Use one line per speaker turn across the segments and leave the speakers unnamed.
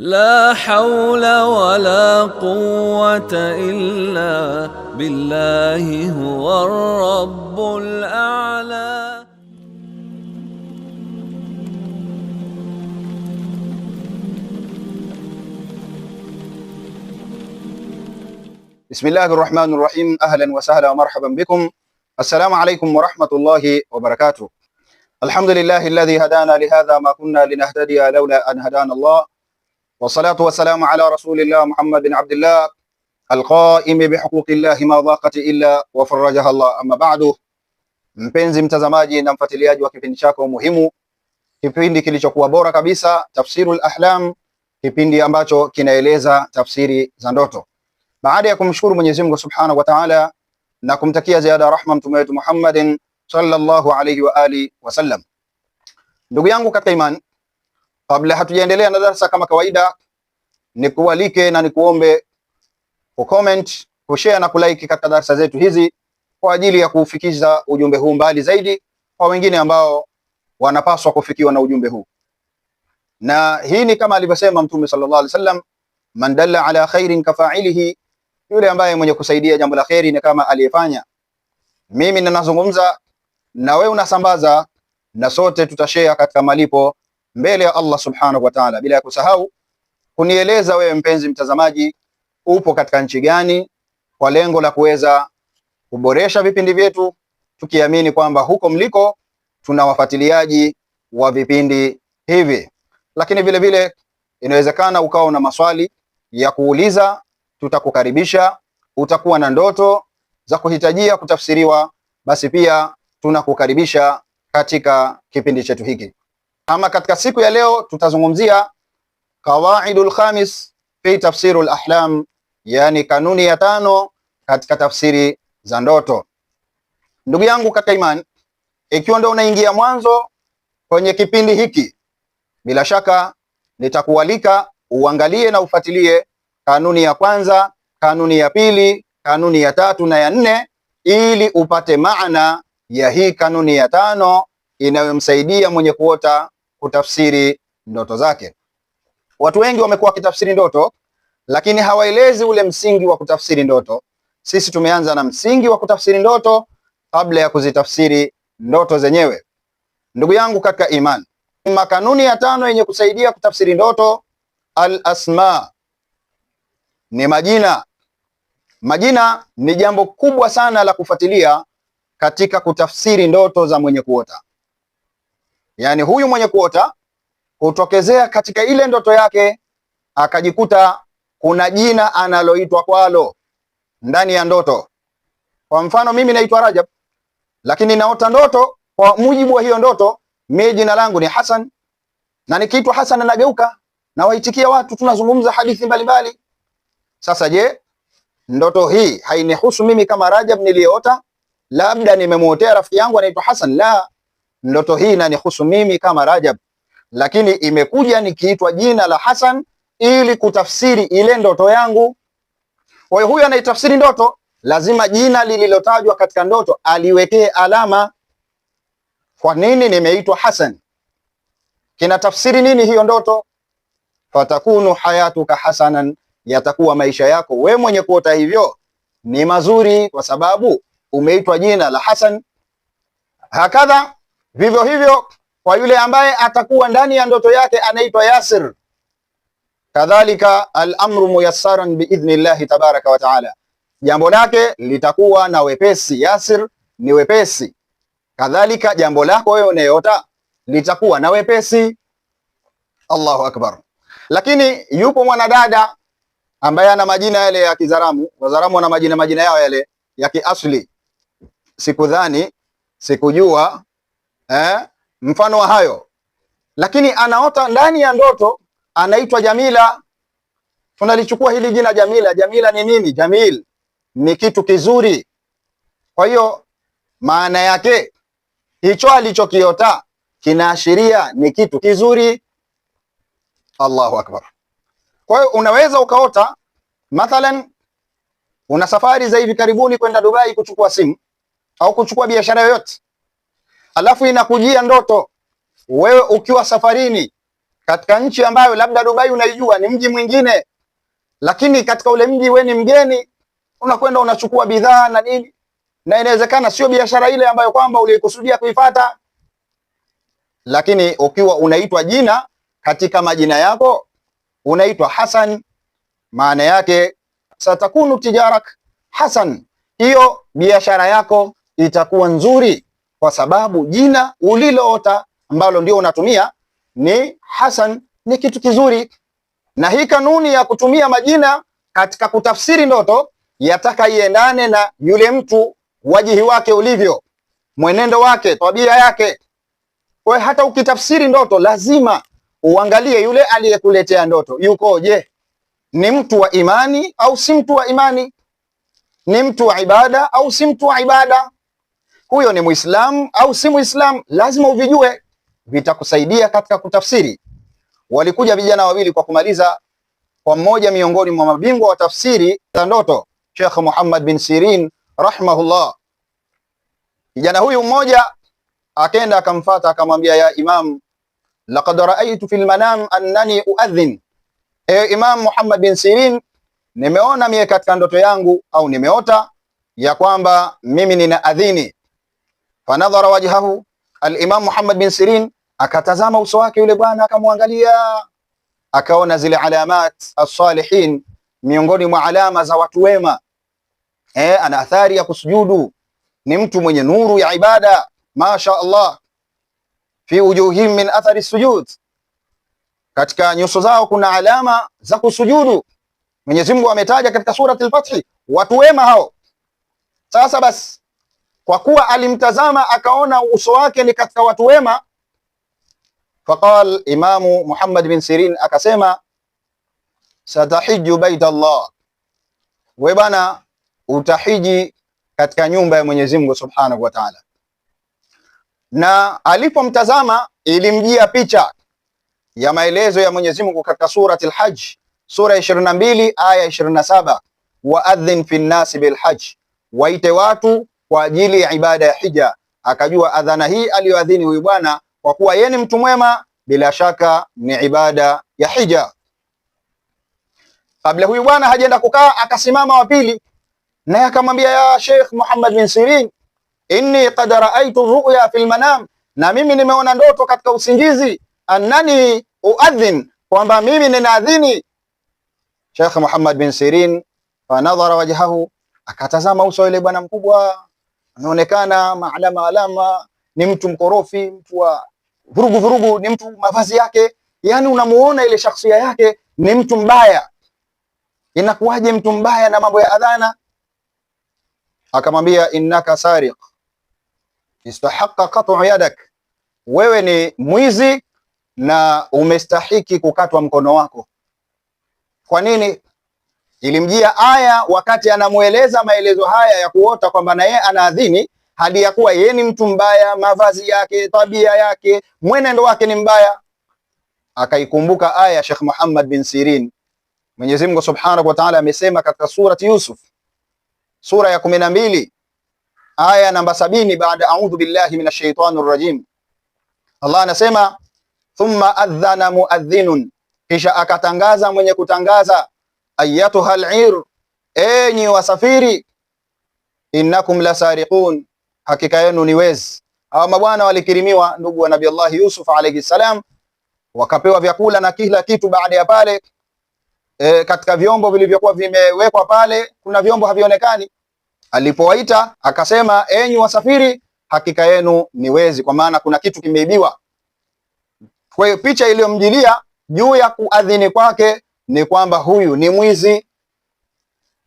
لا حول ولا قوة إلا بالله هو الرب الأعلى
بسم الله الرحمن الرحيم أهلا وسهلا ومرحبا بكم السلام عليكم ورحمة الله وبركاته الحمد لله الذي هدانا لهذا ما كنا لنهتدي لولا أن هدانا الله wassalatu wassalamu ala rasulillah muhammadin abdillah alqaimi bihuquqillahi ma dhaqat illa wa farajaha Allah. Amma ba'du, mpenzi mtazamaji na mfuatiliaji wa kipindi chako muhimu, kipindi kilichokuwa bora kabisa, tafsirul ahlam, kipindi ambacho kinaeleza tafsiri za ndoto. Baada ya kumshukuru Mwenyezi Mungu Subhanahu wa Ta'ala na kumtakia ziada rahma mtume wetu Muhammadin sallallahu alayhi wa ali wasallam, ndugu yangu katika imani Kabla hatujaendelea na darasa, kama kawaida, nikualike na nikuombe ku share na like katika darasa zetu hizi kwa ajili ya kufikisha ujumbe huu mbali zaidi kwa wengine ambao wanapaswa kufikiwa na ujumbe huu. Na hii ni kama alivyosema Mtume sallallahu alaihi wasallam, man dalla ala khairin kafailihi, yule ambaye mwenye kusaidia jambo la kheri ni kama aliyefanya. Mimi ninazungumza na wewe unasambaza, na sote tutashare katika malipo mbele ya Allah subhanahu wa ta'ala, bila ya kusahau kunieleza wewe mpenzi mtazamaji, upo katika nchi gani, kwa lengo la kuweza kuboresha vipindi vyetu, tukiamini kwamba huko mliko tuna wafuatiliaji wa vipindi hivi. Lakini vile vile inawezekana ukawa na maswali ya kuuliza, tutakukaribisha. Utakuwa na ndoto za kuhitajia kutafsiriwa, basi pia tunakukaribisha katika kipindi chetu hiki. Ama katika siku ya leo tutazungumzia qawaidul khamis fi tafsiru ahlam, yani kanuni ya tano katika tafsiri za ndoto. Ndugu yangu katika imani, ikiwa ndio unaingia mwanzo kwenye kipindi hiki, bila shaka nitakualika uangalie na ufuatilie kanuni ya kwanza, kanuni ya pili, kanuni ya tatu na ya nne, ili upate maana ya hii kanuni ya tano inayomsaidia mwenye kuota kutafsiri ndoto zake. Watu wengi wamekuwa wakitafsiri ndoto, lakini hawaelezi ule msingi wa kutafsiri ndoto. Sisi tumeanza na msingi wa kutafsiri ndoto kabla ya kuzitafsiri ndoto zenyewe. Ndugu yangu katika imani, makanuni ya tano yenye kusaidia kutafsiri ndoto, al asma ni majina. Majina ni jambo kubwa sana la kufuatilia katika kutafsiri ndoto za mwenye kuota. Yaani huyu mwenye kuota hutokezea katika ile ndoto yake akajikuta kuna jina analoitwa kwalo ndani ya ndoto. Kwa mfano mimi naitwa Rajab, lakini naota ndoto, kwa mujibu wa hiyo ndoto, mimi jina langu ni Hassan, na nikiitwa Hassan nageuka na waitikia watu, tunazungumza hadithi mbalimbali. Sasa je, ndoto hii hainihusu mimi kama Rajab niliyeota? Labda nimemuotea rafiki yangu anaitwa Hassan? La, ndoto hii inanihusu mimi kama Rajab, lakini imekuja nikiitwa jina la Hasan ili kutafsiri ile ndoto yangu. Kwa hiyo huyu anaitafsiri ndoto, lazima jina lililotajwa katika ndoto aliwekee alama. Kwa nini nimeitwa Hasan? Kina tafsiri nini hiyo ndoto? Fatakunu hayatuka hasanan, yatakuwa maisha yako we mwenye kuota hivyo ni mazuri, kwa sababu umeitwa jina la Hasan. Hakadha Vivyo hivyo kwa yule ambaye atakuwa ndani ya ndoto yake anaitwa Yasir, kadhalika al-amru muyassaran biidhnillahi tabaraka wa taala, jambo lake litakuwa na wepesi. Yasir ni wepesi, kadhalika jambo lako wewe unayota litakuwa na wepesi. Allahu akbar! Lakini yupo mwanadada ambaye ana majina yale ya Kizaramu. Wazaramu wana majina majina yao yale ya kiasli, sikudhani, sikujua eh, mfano wa hayo. Lakini anaota ndani ya ndoto, anaitwa Jamila. Tunalichukua hili jina Jamila. Jamila ni nini? Jamil ni kitu kizuri. Kwa hiyo maana yake hicho alichokiota kinaashiria ni kitu kizuri. Allahu akbar! Kwa hiyo unaweza ukaota mathalan, una safari za hivi karibuni kwenda Dubai kuchukua simu au kuchukua biashara yoyote alafu inakujia ndoto wewe ukiwa safarini katika nchi ambayo labda Dubai unaijua ni mji mwingine, lakini katika ule mji wewe ni mgeni, unakwenda unachukua bidhaa na nini, na inawezekana sio biashara ile ambayo kwamba ulikusudia kuifata, lakini ukiwa unaitwa jina katika majina yako unaitwa Hasan, maana yake satakunu tijarak hasan, hiyo biashara yako itakuwa nzuri kwa sababu jina uliloota ambalo ndio unatumia ni Hasan ni kitu kizuri. Na hii kanuni ya kutumia majina katika kutafsiri ndoto yataka iendane na yule mtu, wajihi wake ulivyo, mwenendo wake, tabia yake. Kwa hata ukitafsiri ndoto lazima uangalie yule aliyekuletea ndoto yukoje, ni mtu wa imani au si mtu wa imani, ni mtu wa ibada au si mtu wa ibada huyo ni Muislamu au si Muislamu, lazima uvijue, vitakusaidia katika kutafsiri. Walikuja vijana wawili kwa kumaliza kwa mmoja miongoni mwa mabingwa wa tafsiri za ndoto, Sheikh Muhammad bin Sirin rahimahullah. Kijana huyu mmoja akenda akamfata akamwambia, ya Imam, laqad raaitu fil manam annani uadhin, e Imam Muhammad bin Sirin, nimeona mie katika ndoto yangu au nimeota ya kwamba mimi nina adhini fanadhara wajhahu al-Imam Muhammad bin Sirin akatazama uso wake yule bwana akamwangalia, akaona zile alamat as-salihin, miongoni mwa alama za watu wema. Eh, ana athari ya kusujudu, ni mtu mwenye nuru ya ibada, masha Allah. Fi wujuhihim min athari sujud, katika nyuso zao kuna alama za kusujudu. Mwenyezi Mungu ametaja katika surati al-Fath watu wema hao. Sasa basi kwa kuwa alimtazama akaona uso wake ni katika watu wema. Faqal Imamu Muhammad bin Sirin akasema, satahiju baita Allah, we bana utahiji katika nyumba ya Mwenyezi Mungu Subhanahu wa Ta'ala. Na alipomtazama ilimjia picha ya maelezo ya Mwenyezi Mungu katika surati al-Hajj sura ya 22 aya 27, waadhin fi nnasi bilhajj, waite watu kwa ajili ya ibada ya hija, akajua adhana hii aliyoadhini huyu bwana, kwa kuwa yeye ni mtu mwema, bila shaka ni ibada ya hija. Kabla huyu bwana hajaenda kukaa, akasimama wa pili naye akamwambia, ya Sheikh Muhammad bin Sirin, inni qad raaitu ruya fi lmanam, na mimi nimeona ndoto katika usingizi, annani uadhin, kwamba mimi ninaadhini. Sheikh Muhammad bin Sirin fanadhara wajhahu, akatazama uso ile bwana mkubwa anaonekana maalama alama, ni mtu mkorofi, mtu wa vurugu vurugu, ni mtu mavazi yake, yani unamuona ile shakhsia yake ni mtu mbaya. Inakuwaje mtu mbaya na mambo ya adhana? Akamwambia, innaka sariq istahaqqa qat'u yadak, wewe ni mwizi na umestahiki kukatwa mkono wako. Kwa nini? Ilimjia aya wakati anamweleza maelezo haya ya kuota kwamba na yeye anaadhini, hadi ya kuwa yeye ni mtu mbaya, mavazi yake, tabia yake, mwenendo wake ni mbaya. Akaikumbuka aya ya Sheikh Muhammad bin Sirin. Mwenyezi Mungu Subhanahu wa Ta'ala amesema katika surati Yusuf sura ya kumi na mbili aya namba sabini baada audhu billahi minash shaitani rrajim. Allah anasema thumma adhana muadhinun, kisha akatangaza mwenye kutangaza ayatuha al-ir, enyi wasafiri, innakum lasariqun, hakika yenu ni wezi. Hawa mabwana walikirimiwa ndugu wa Nabii Allah Yusuf alayhi salam, wakapewa vyakula na kila kitu. Baada ya pale e, katika vyombo vilivyokuwa vimewekwa pale, kuna vyombo havionekani. Alipowaita akasema, enyi wasafiri, hakika yenu ni wezi, kwa maana kuna kitu kimeibiwa. Kwa hiyo picha iliyomjilia juu ya kuadhini kwake ni kwamba huyu ni mwizi.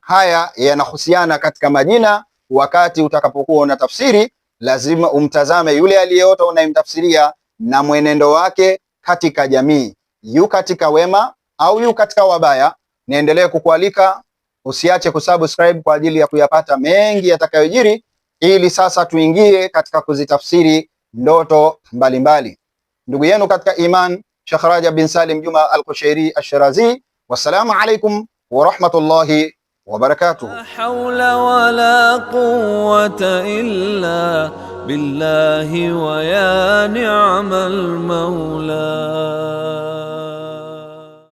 Haya yanahusiana katika majina. Wakati utakapokuwa una tafsiri, lazima umtazame yule aliyeota unayemtafsiria na mwenendo wake katika jamii, yu katika wema au yu katika wabaya. Niendelee kukualika usiache kusubscribe kwa ajili ya kuyapata mengi yatakayojiri, ili sasa tuingie katika kuzitafsiri ndoto mbalimbali. Ndugu yenu katika iman Sheikh Rajab bin Salim Juma Al-Kushairi Ash-Shirazi والسلام عليكم ورحمة الله وبركاته لا
حول ولا قوة إلا بالله ويا نعم المولى